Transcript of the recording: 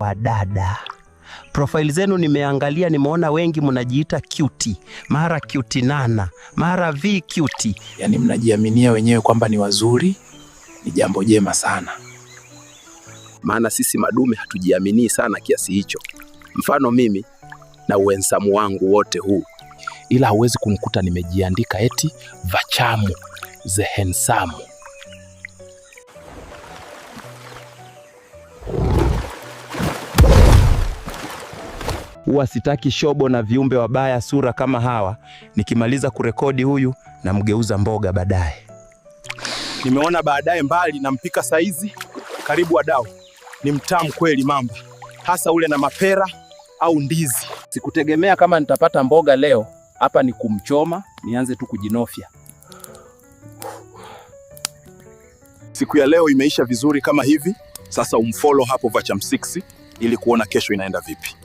Wadada, Profaili zenu nimeangalia, nimeona wengi mnajiita cute, mara cute nana, mara v cute, yaani mnajiaminia wenyewe kwamba ni wazuri. Ni jambo jema sana, maana sisi madume hatujiaminii sana kiasi hicho. Mfano mimi na uwensamu wangu wote huu, ila hauwezi kunkuta nimejiandika eti vachamu zehensamu huwa sitaki shobo na viumbe wabaya sura kama hawa. Nikimaliza kurekodi huyu namgeuza mboga baadaye. Nimeona baadaye mbali, nampika saizi. Karibu wadau, ni mtamu kweli mamba, hasa ule na mapera au ndizi. Sikutegemea kama nitapata mboga leo. Hapa ni kumchoma, nianze tu kujinofya. Siku ya leo imeisha vizuri kama hivi. Sasa umfollow hapo Vacham6 ili kuona kesho inaenda vipi.